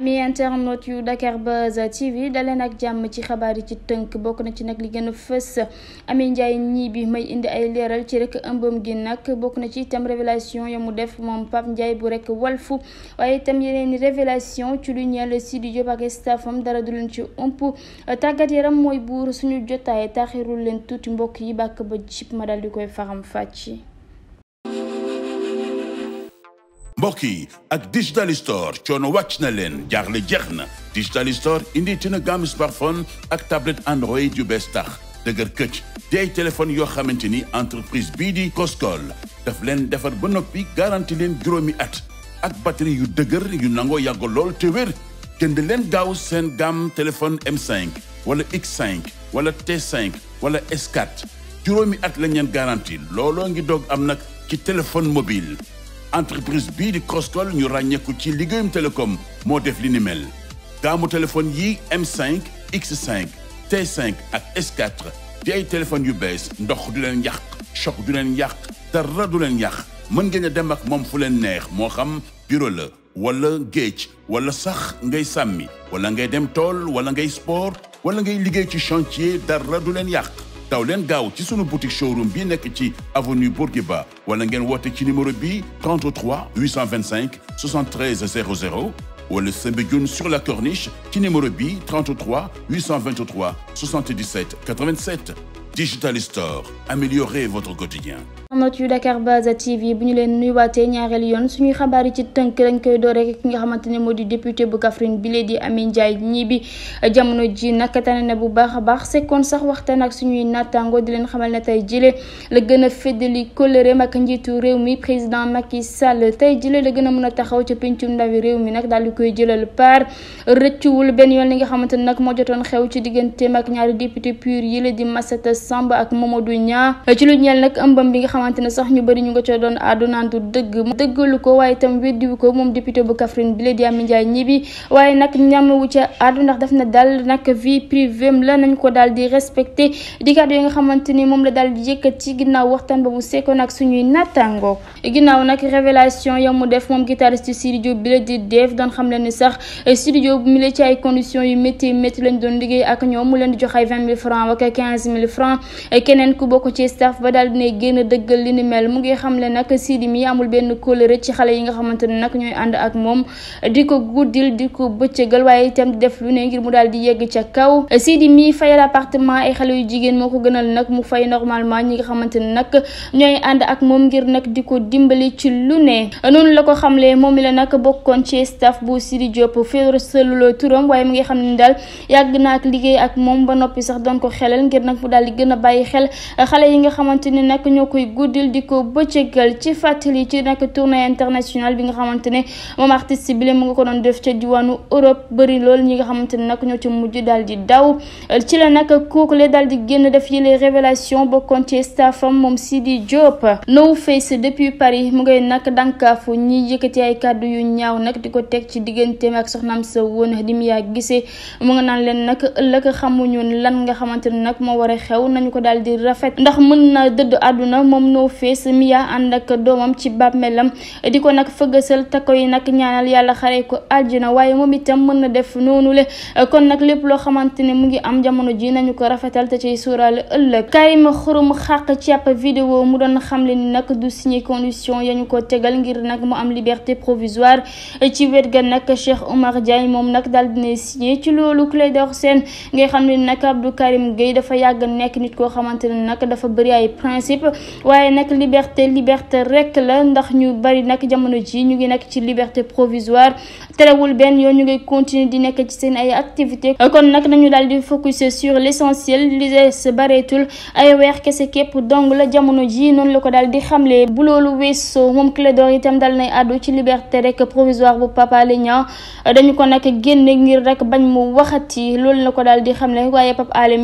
mi internet yu Dakar Buzz TV daleen ak jàmm ci xabaar yi ci tënk bokk na ci nag li gën fësa ami Amy Ndiaye ñii bi may indi ay leeral ci rek ëmbam gi nag bokk na ci itam révélation ya mu def moom Pape Ndiaye bu rekk wal fu waaye itam yeneen révélation ci lu ñeel Sidy Diop ak staffam dara du leen ci ëmp tàggat yaram mooy buur suñu jotaay taxirul leen tuuti mbokk yi bàkk ba jip ma dal di koy faxam fàcc mbokk yi ak digital store coono wàcc na leen jaaxle jeex na digital store indi tina gamme smartphone ak tablette Android yu bees tax dëgër këcc di ay téléphone yoo xamante ni entreprise bii di Koskol daf leen defar ba noppi garanti leen juróomi at ak batterie yu dëgër yu nangoo yàgg lool te wér jënd leen gaaw seen gamme téléphone M5 wala X5 wala T5 wala s juróomi at lañ leen garanti looloo ngi doog am nag ci téléphone mobile entreprise bii di Crosscall ñu ràññeeku ci liggéeyum télécom moo def li ni mel gaamu téléphone yi M5 X5 T5 ak S4 di ay téléphones yu bees ndox du leen yàq choc du leen yàq dara du leen yàq mën ngeen a dem ak moom fu leen neex moo xam bureau la walla géej wala sax ngay sàmmi wala ngay dem tool wala ngay sport wala ngay liggéey ci chantier dara du leen yàq daw leen gaaw ci sunu boutique showroom bi nekk ci avenue Bourguiba wala ngeen woote ci numéro bi 33 825 73 00 wala Soumbédioune sur la corniche ci numéro bi 33 823 77 87 digital store améliorez votre quotidien internet yu Dakar Buzz TV bu ñu leen nuyuwaatee ñaareel yoon suñuy xabaar yi ci tënk dañ koy door rek ki nga xamante moo di député bu Kaffrine bi lee di Amy Ndiaye ñii jamono ji nag tane na bu baax a baax sekkoon sax waxtaan ak suñuy nattaango di leen xamal ne tey jile la gën a féddali kóllëreem ak njiitu réew mi président Macky Sall tey jëlee la gën a mën a taxaw ca pencum ndawi réew mi nag daal di koy jëlal par rëccuwul benn yoon li nga xamante ne nag moo jotoon xew ci digganteem ak ñaari député pur yi la di Massata Samb ak Mamadou Niang ci xamante ne sax ñu bëri ñu nga ca doon àddunaantu dëgg dëggalu ko waaye itam weddiwu ko moom député bu Kaffrine bi la di Amy Ndiaye Gniby waaye nag ñàmmawu ca na daal nag vie privée la nañ ko daal di respecté di kàddu yi nga xamante ni moom la daal di yëkkat ci ginnaaw waxtaan ba yu métti métti lañ doon liggéey ak ñoom mu leen di jox mille francs wala keneen ku bokk ci staff ba daal dina génn dëgg dëggal li ni mel mu ngi xamle nag Sidi mi amul benn kóllëre ci xale yi nga xamante ne nag ñooy ànd ak moom di ko guddil di ko bëccëgal waaye itam def lu ne ngir mu daal di yegg ca kaw Sidi mi fayal appartement ay xale yu jigéen moo ko gënal nag mu fay normalement ñi nga xamante ne nag ñooy ànd ak moom ngir nag di ko dimbali ci lu ne noonu la ko xamle moom mi la nag bokkoon ci staff bu Sidi Diop féer seluloo turam waaye mu ngi xam ne daal yàgg naa ak liggéey ak moom ba noppi sax doon ko xelal ngir nag mu daal di gën a bàyyi xel xale yi nga xamante ne ñoo koy guddil di ko bëccëgal ci fàttali ci nag tournée internationale bi nga xamante ne moom artiste bi la mu nga ko doon def ca diwaanu Europe bëri lool ñi nga xamante ne nag ñoo ca mujj daal di daw ci la nag kooku la daal di génn def yële révélation bokkoon ci staffam moom di Diop No Face depuis Paris mu ngay nag dànkaafu ñi yëkkati ay kàddu yu ñaaw nag di ko teg ci digganteem ak soxnaam sa woon di mu yaa gisee mu nga naan leen nag ëllëg xamuñu lan nga xamante ne nag moo war a xew nañu ko daal di moom noo fees miya ànd ak doomam ci bàmmeelam di ko nag fëggasal te koy nag ñaanal yàlla xare ko aljina waaye moom itam mën na def noonu le kon nag lépp loo xamante ne mu ngi am jamono ji nañu ko rafetal te ciy sóoraale ëllëg Karim Xurum Xaq ci vidéo mu doon xamle ni nag du signé condition ya ko tegal ngir nag mu am liberté provisoire ci wet ga nag Cheikh Omar Diagne moom nag daal dina signé ci loolu Clédor Sène ngay xam ne nag Abdou Karim Gueye dafa yàgg nekk nit koo xamante ne nag dafa bëri principe waaye nag liberté liberté rek la ndax ñu bari nag jamono ji ñu ngi nag ci liberté provisoire terewul benn yoon ñu ngi continuer di nekk ci seen ay activité kon nag nañu daal di focus sur l'essentiel li des bareetul ay weer kese képp dong la jamono ji noonu la ko daal di xamle bu loolu weesoo moom yi itam dal nay àddu ci liberté rek provisoire bu Pape Alé Niang dañu ko nag génne ngir rek bañ mu waxati loolu la ko daal di xamle waaye Pape Alé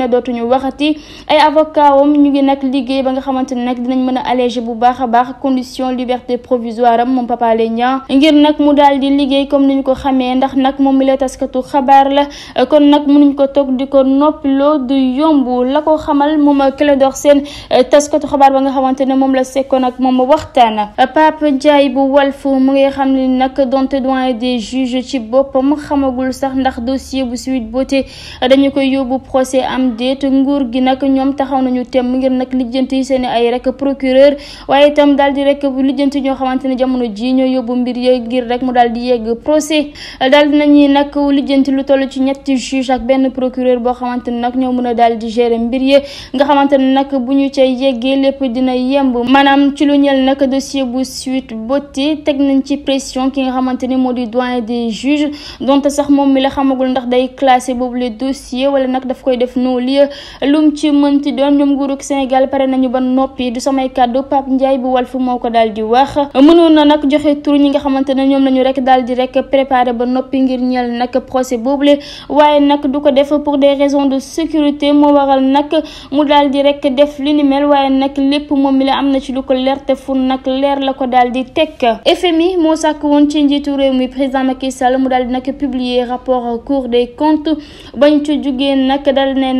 a ne dootuñu waxati ay avocat ñu ngi nag liggéey ba nga xamante ne nag dinañ mën a alléger bu baax a baax condition liberté provisoire am moom Papa Alé Niang ngir nag mu daal di liggéey comme ni ñu ko xamee ndax nag moom mi la taskatu xabaar la kon nag mënuñ ko toog di ko noppiloo du yomb la ko xamal moom Clédor Sène taskatu xabaar ba nga xamante ne moom la sekkoon ak moom ma waxtaan Pape Ndiaye bu Walf mu ngi xam ne nag donte doyen des juges ci boppam xamagul sax ndax dossier bu Sweet Beauté dañu koy yóbbu procès am am déet nguur gi nag ñoom taxaw nañu temm ngir nag lijjanti seen ay rek procureur waaye itam daal di rek lijjanti ñoo xamante ne jamono ji ñoo yóbbu mbir yo ngir rek mu daal di yegg procès daal dinañuy nag lijjanti lu toll ci ñetti juge ak benn procureur boo xamante ne nag ñoo mën a daal di gérer mbir yi nga xamante ne nag bu ñu ca yeggee lépp dina yemb maanaam ci lu ñel nag dossier bu suite botti teg nañ ci pression ki nga xamante ni moo di doyen de juges donte sax moom mi la xamagul ndax day classé boobu le dossier wala nag daf koy def non lieu lum ci mënti doon ñoom nguurug Sénégal pare nañu ba noppi du samay kàddu Pape Ndiaye bu Walf moo ko daal di wax mënoon na nag joxe tur ñi nga xamante ne ñoom nañu rek daal di rek préparé ba noppi ngir ñeel nag procès boobule waaye nag du ko def pour des raisons de sécurité moo waral nag mu daal di rek def li ni mel waaye nag lépp moom mi la am na ci lu ko leer te fu nag leer la ko daal di tekk mi moo sàkk woon ci njiitu réew mi président Macky Sall mu daal di nag publier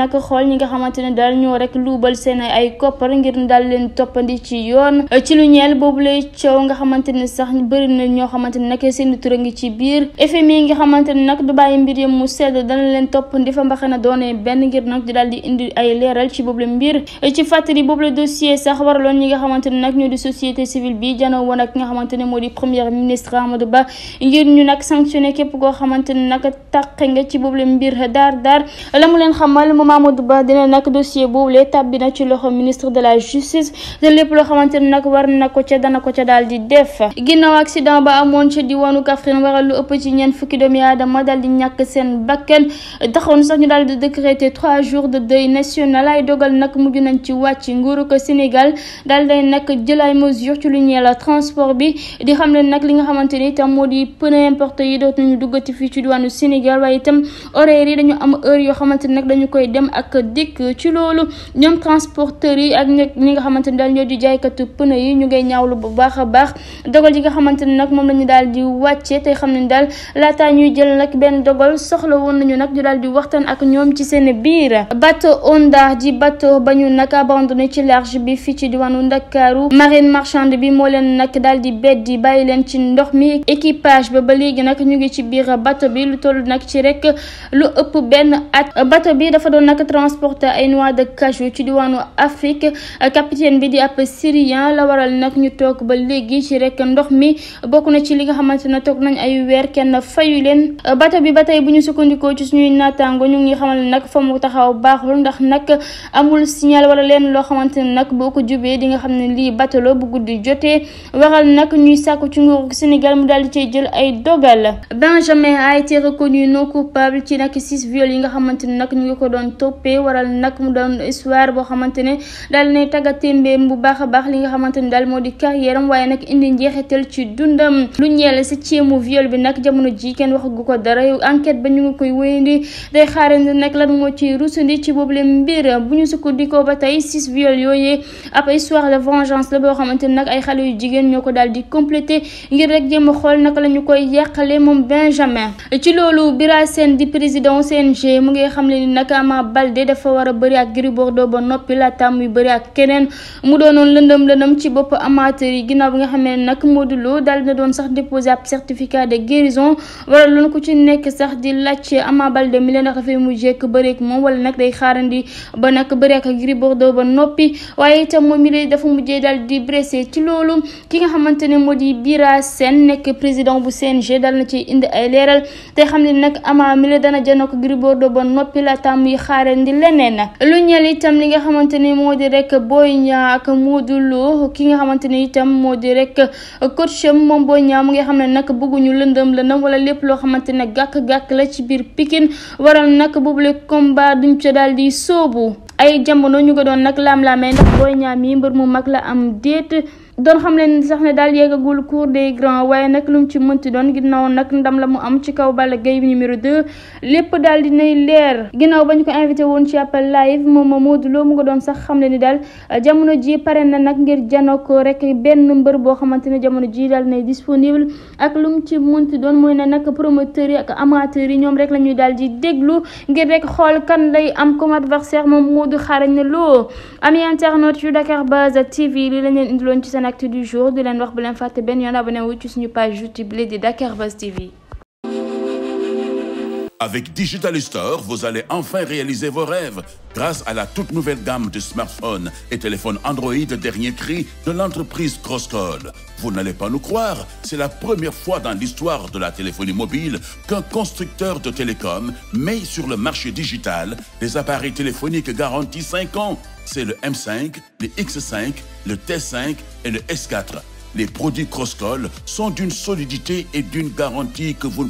nag xool ñi nga xamante ne daal ñoo rek luubal seen ay koppar ngir daal leen toppandi ci yoon ci lu ñeel boobu lay coow nga xamante ne sax bëri na ñoo xamante ne nag seen tur ngi ci biir FMI nga xamante ne nag du bàyyi mbir yi mu sedd dana leen toppandi fa mbaxana doone benn ngir nag di daal di indi ay leeral ci boobu la mbir ci fàttali boobu la dossier sax waraloon ñi nga xamante ne nag ñoo di société civile bi janoo woon ak nga xamante ne moo di premier ministre Amadou Ba ngir ñu nag sanctionné képp koo xamante ne nag tàqe nga ci boobu la mbir daar daar la mu leen xamal moom Mamadou Ba dina nag dossier boobu lee tàbbi na ci loxo ministre de la justice te lépp loo xamante ne nag war na ko ca dana ko ca daal di def ginnaaw accident ba amoon ci diwaanu Kaffrine waral lu ëpp ci ñeent fukki doomi aadama daal di ñàkk seen bakkan taxoon sax ñu daal di décréter trois jours de deuil national ay dogal nag mujj nañ ci wàcc nguuru ko Sénégal daal day nag jël ay mesures ci lu ñeel transport bi di xam ne nag li nga xamante ni itam moo di pneu importé yi dootuñu duggati fii ci diwaanu Sénégal waaye itam horaire yi dañu dem ak dikk ci loolu ñoom transporteurs yi ak ñi nga xamante ni daal ñoo di jaaykatu pneu yi ñu ngay ñaawlu bu baax a baax dogal yi nga xamante ni nag moom la ñu daal di wàcce te xam ne daal laataa ñuy jël nag benn dogal soxla woon nañu nag ñu daal di waxtaan ak ñoom ci seen biir bateau Onda ji bateau ba ñu nag abandonné ci large bi fii ci di diwaanu Ndakaaru marine marchande bi moo leen nag daal di beddi bàyyi leen ci ndox mi équipage ba ba léegi nag ñu ngi ci biir bateau bi lu toll nag ci rek lu ëpp nag transporté ay noix de cajou ci diwaanu Afrique capitaine bi di ab Syrien la waral nag ñu toog ba léegi ci rek ndox mi bokk na ci li nga xamante ne toog nañ ay weer kenn fayu leen bato bi ba tey bu ñu sukkandikoo ci suñuy naataango ñu ngi xamal nag fa mu taxaw baaxul ndax nag amul signal wala leen loo xamante ne nag boo ko jubee dinga xam ne lii bato bu guddi jotee waral nag ñuy sàkku ci nguuru Sénégal mu daal di cay jël ay dogal Benjamin a été reconnu non coupable ci nag six viols yi nga xamante ne nag ñu ngi ko doon toppee waral nag mu doon histoire boo xamante ne daal ne tagga témbeem bu baax a baax li nga xamante ne daal moo di carrière am waaye nag indi njeexital ci dundam lu ñeel septième viol bi nag jamono ji kenn waxagu ko dara enquête ba ñu ngi koy wéyandi day xaarandi nag lan moo ci rusandi ci boobule mbir bu ñu sukkandikoo ba tey six viol yooyee ab histoire de vengeance la boo xamante ne nag ay xale yu jigéen ñoo ko daal di complété ngir rek jéem a xool naka la ñu koy yàqale moom Benjamin ci loolu Bira Sène di président Balde dafa war a ak Gris ba noppi laata muy bëri ak keneen mu doonoon lëndëm lëndëm ci bopp amateur yi ginnaaw bi nga xam ne nag Modou Lo daal na doon sax déposé ab certificat de guérison wala loon ku ci nekk sax di laajte Ama Balde mi dafa fay mu jekk bëri ak moom wala nag day xaarandi di blessé ci loolu ki nga xamante moo di Bira Sène nekk président bu CNG daal na ci indi ay leeral te xam ne nag Ama mi la dana janoo ko Gris ba noppi laata muy xaar xaarandi leneen lu ñeel itam li nga xamante ni moo di rek Boy Niang ak Modou Lo ki nga xamante ni itam moo di rek coach am moom Boy Niang mu nga xam ne nag bëgguñu lëndëm lëndëm wala lépp loo xamante ne gàkk-gàkk la ci biir Pikine waral nag boobule ba duñ ca daal di sóobu ay jamono ñu ko doon nag laam-laamee ndax Boy Niang mi mbër mu mag la am déet doon xam leen sax ne daal yeegagul cours des grands waaye nag lu mu ci mënti doon ginnaaw nag ndam la mu am ci kaw Balla Gaye numéro 2 lépp di nay leer ginnaaw ba ñu ko invité woon ci appel live moom Modou loo mu nga doon sax xam leen ni daal euh, jamono ji pare na nag ngir janoo ko rek benn mbër boo xamante ne jamono ji daal dinay disponible ak lu mu ci doon mooy ne nag promoteurs yi ak amateurs yi ñoom rek la ñuy daal di déglu ngir rek xool kan lay am comme adversaire moom Modou xarañ na loo am internaute yu Dakar a TV li la leen indiloon ci sa seen acte du jour di leen wax bu leen fàtte benn yoon abonné wu ci suñu page YouTube di Dakar Buzz TV Avec Digital Store, vous allez enfin réaliser vos rêves grâce à la toute nouvelle gamme de smartphones et téléphones Android dernier cri de l'entreprise Crosscall. Vous n'allez pas nous croire, c'est la première fois dans l'histoire de la téléphonie mobile qu'un constructeur de télécom met sur le marché digital des appareils téléphoniques garantis 5 ans. C'est le M5, le x le T5 et le S4. Les produits Crosscall sont d'une solidité et d'une garantie que vous ne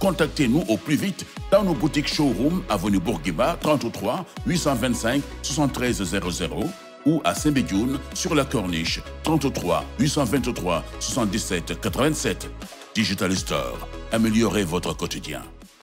Contactez-nous au plus vite dans nos boutiques showroom avenue Bourguiba 33 825 73 00 ou à Soumbédioune sur la Corniche 33 823 77 87. Digital Store, améliorez votre quotidien.